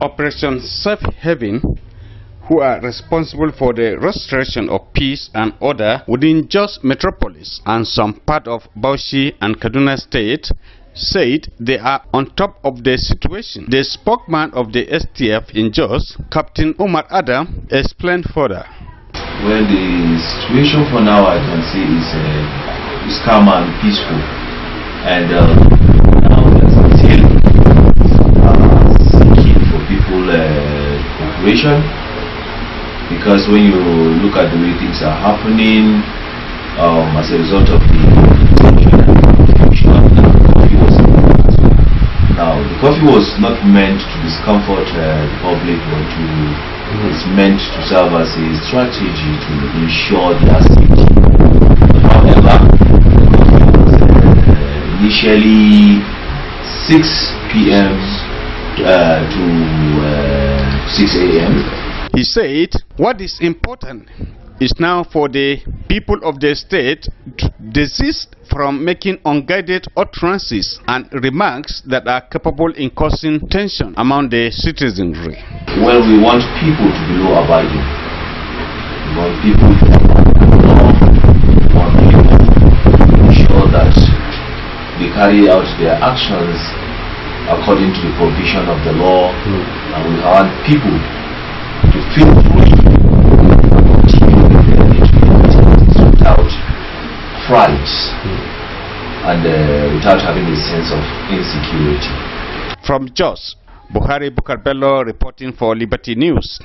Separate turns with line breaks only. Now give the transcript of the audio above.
Operation Safe Haven who are responsible for the restoration of peace and order within Jos metropolis and some part of Bauchi and Kaduna state said they are on top of the situation. The spokesman of the STF in Jos, Captain Omar Adam, explained further. Well, the situation for now I can see is, uh, is calm and peaceful.
And uh, calculation because when you look at the way things are happening um, as a result of the Now, the coffee was not meant to discomfort uh, the public, but to, mm. it's meant to serve as a strategy to ensure their safety. However,
uh, initially 6 p.m. Uh, to uh, 6 a.m. He said, What is important is now for the people of the state to desist from making unguided utterances and remarks that are capable in causing tension among the citizenry.
Well, we want people to be law abiding. We want people to We want people to ensure that they carry out their actions according to the provision of the law, mm. and we want people to feel free without pride mm. and uh,
without having a sense of insecurity. From Jos, Buhari Bukarbello reporting for Liberty News.